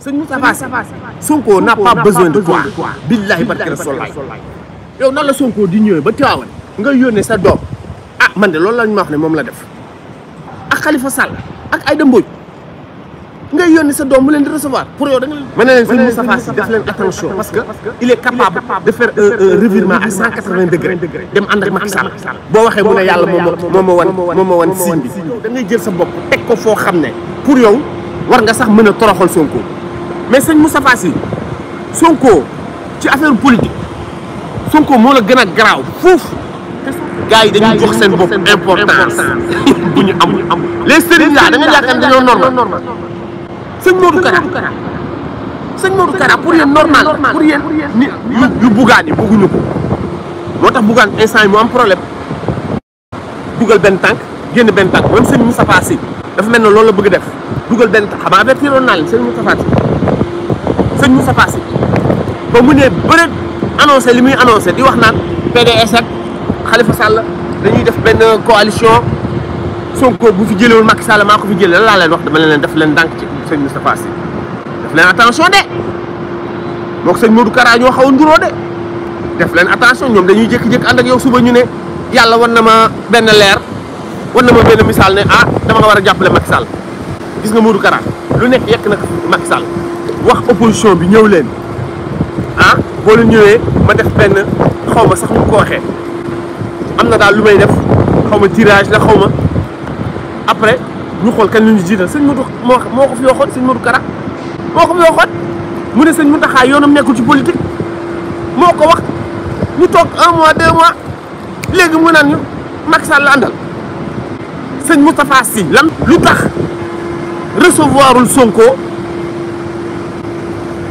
sëñ Moustapha Sy Sonko n'a pas besoin de toi billahi barke Rasulaay yow nan la Sonko di ñëwee ba Tiwaawan nga yónnee sa doom ah man de loolu lañ ma wax ne moom la def ak Khalifa Sall ak Aïda Mbodj nga yónnee sa doom mu leen di recevoir pour yow da nga leen. ma ne leen def leen attention parce que il est capable de faire un revirement cent quatre vingt degré dem ànd ak Macky Sall boo waxee mu ne yàlla moo wan moom moo wan signe bi. da jël sa bopp teg ko foo xam ne pour yow war nga sax mën a toroxal Sonko. mais sëñ mu Sy Sonko ci affaire politique Sonko moo la gën a garaaw foofu gars yi dañuy jox seen bopp importance bu ñu am am les sëriñ laa da nga dañoo normal sëñ Modou Kara sëñ Modou Kara pour yéen normal pour yéen ni yu bugaan yi bëgguñu ko moo tax bugaan instant yi mu am problème dugal benn tànk génn benn tànk même sëñ Moustapha Sy dafa mel ne loolu la bëgg def dugal benn tànk xam nga avertiroon naa leen sëñ Moustapha Sy sëñ Moussa Fassi ba mu ne bëre annoncé li muy annoncé di wax naan PDS ak Khalifa Sall dañuy def ben coalition Sonko bu fi jëlewul Macky Sall mako fi jëlee la laa leen wax dama leen def leen dank ci sëñ Moussa Fassi def leen attention dé moo ko Modou Kara ñoo xawu nduro dé def leen attention ñom dañuy jékki-jékki ànd ak yow suba ñu né Yalla war na ma benn leer war na ma benn misaal ne ah dama nga wara jappalé Macky Sall gis nga Modou Kara lu nekk yekk na Macky Sall opposition bi ñew leen ah bo lu ñewé ma def ben xawma sax mu ko lu may def tirage la xawma après ñu xol kan ñu seigne mudou moko fi seigne mudou Kara moko fi mu ne seigne moutakha yonam nekkul ci politique moko wax ñu un mois deux mois légui mu nan ñu la Moustapha si lan lu recevoirul Sonko.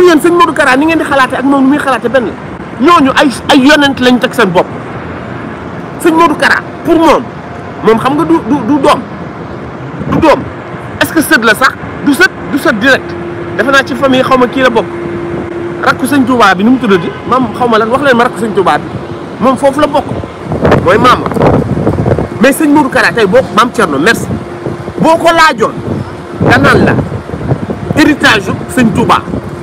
pour yéen sëñ Modou Kara ni ngeen di xalaate ak moom ni muy xalaate benn la ñooñu ay ay yonent lañu teg seen bopp sëñ Modou Kara pour moom moom xam nga du du du doom du doom est que sët la sax du sët du sët direct defe naa ci famille xaw ma kii la bokk rakku sëñ Touba bi nu mu tuddati maam xaw ma lan wax leen ma rakku sëñ Touba bi moom foofu la bokk mooy maam mais sëñ Modou Kara tey boo maam Thierno merci boo ko laajoon danaan la héritage sëñ Touba.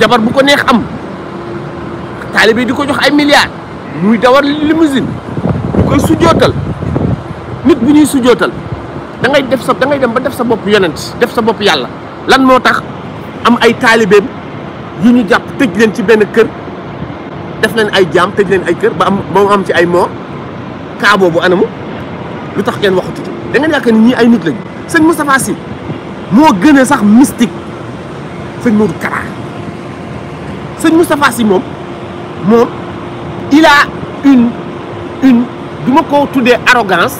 jabar bu ko neex am talibé diko jox ay milliards muy dawar limousine bu koy sujjootal nit bu ñuy sujjootal da ngay def sa da ngay dem ba def sa bop yonent def sa bop yalla lan moo tax am ay talibé yu ñu japp tejj leen ci ben kër def leen ay jam tejj leen ay kër ba am ba am ci ay mo ka bobu anamu lu tax kenn waxu ci da ngay yak ni ñii ay nit lañu seigne Moustapha si mo gën sax mystique seigne Modou karam sëñ Moustapha Sy mom mom il a une une du ma tout arrogance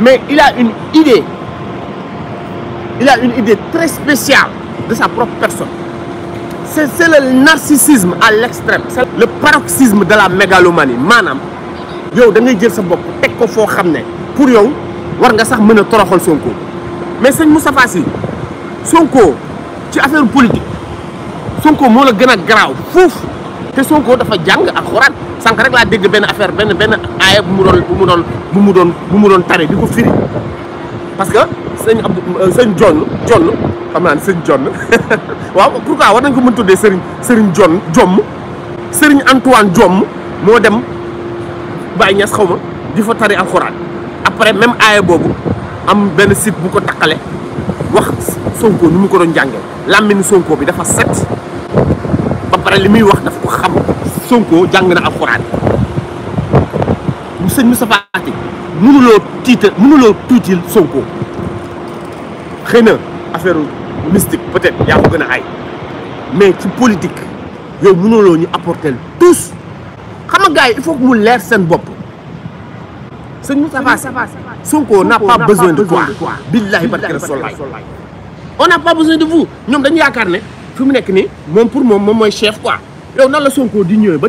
mais il a une idée il a une idée très spéciale de sa propre personne c'est c'est le narcissisme à l'extrême c'est le paroxysme de la mégalomanie Manam, yow da ngay jël sa bopp teg ko foo xam ne pour yow war nga sax mën a toroxal Sonko mais sëñ Moustapha Sy Sonko affaire politique Sonko mo la gëna a fouf té Sonko dafa jang alcorane sank rek la dégg ben affaire ben ben aaya bu mu don bu mu don bu mu don bu mu don tare di firi parce que seigne Abdou euh, seigne John John xam naa seigne John waaw pourquoi war nañ ko mën tuddé seigne seigne John jom seigne Antoine jom mo dem bay ñass xawma difa di alcorane après même aaya bobu am ben site bu ko takalé wax Sonko ni mu ko doon jàngee lamine Sonko bi dafa set ba pare li muy wax dafa ko xam Sonko jàng na alxuraan mu sëñ Moustapha ati mënuloo tiita mënuloo tuutil Sonko xëy na affaire mystique peut-être yaa ko gën a ay mais ci politique yow mënuloo ñu apporter tous xam nga gars yi il faut que mu leer seen bopp. Sonko n'a pas besoin de toi on n'a pas besoin de vous Nous dañu yakarne ne mu pour mom mom chef quoi nan la Sonko di ñëw ba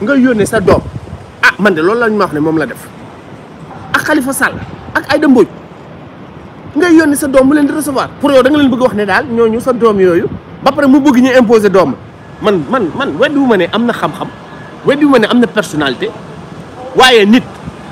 nga yone sa ah man de loolu lañu la def ak Khalifa Sall ak Aïda Mbodj Nga sa mu recevoir pour yow da nga leen bëgg wax imposer man man man ma ne xam-xam ma ne personnalité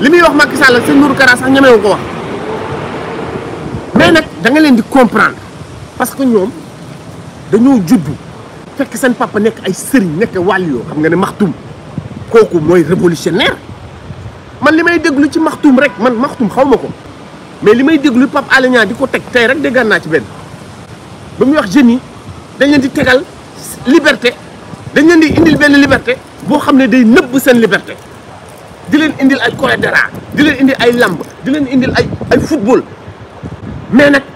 limuy wax Macky Sall sëñ Nourou Kara sax ñemewu ko wax mais nak da nga leen di comprendre parce que ñom dañu juddu fekk seen papa nek ay serigne nek walio xam nga ne maxtum koku moy révolutionnaire man limay may déglu ci maxtum rek man maxtum xaw ko mais limay may déglu Pape Alé Niang di ko rek déggaan naa ci ben ba muy wax jeunes dañ leen di tégal liberté dañ leen di indil ben liberté bo xamné day neub sen liberté dilen indil ay cholédéra dilen indi ay lamb dilen indil ay ay football mais nak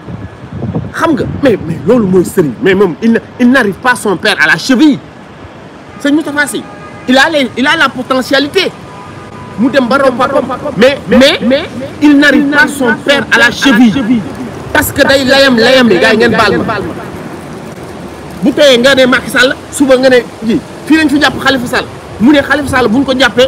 xam nga mais mais loolu moy sëriñ mais mom il il n'arrive pas son père à la cheville sëñ Moustapha Sy il a les il a la potentialité mu dem ba romb mais mais il n'arrive pas son père à la cheville parce que day layam layam li gars ngeen baal bu tay nga ne Macky Sall suba nga ne ji fii lañ fi japp Khalifa Sall mu ne Khalifa Sall buñ ko jappé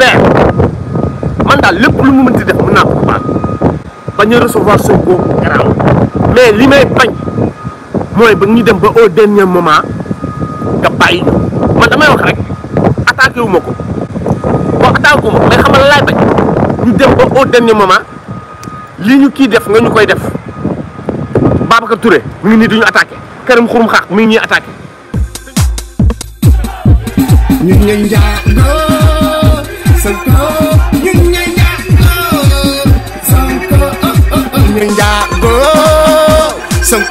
Manda man daal lépp lu mu mënti def mën naa ko baal bañ a recevoir Sonko garaaw mais li may bañ mooy ba ñu dem ba au dernier moment nga bàyyi man damay wax rek attaqué wu ma ko boo wu ma mais xamal laay bañ ñu dem ba au dernier moment li ñu def nga ñu koy def Babacar Touré mi ngi nii duñu attaqué Karim Xurum Xaq mi ngi ñuy attaqué ñu sân cơ nhưng nhanh dạng cơ sân cơ nhưng dạng cơ sân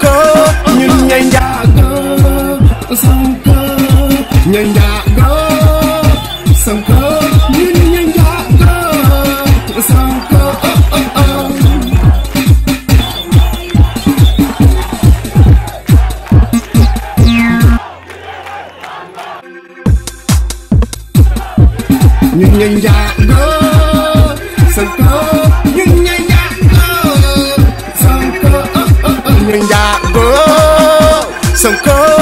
some cold.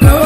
No.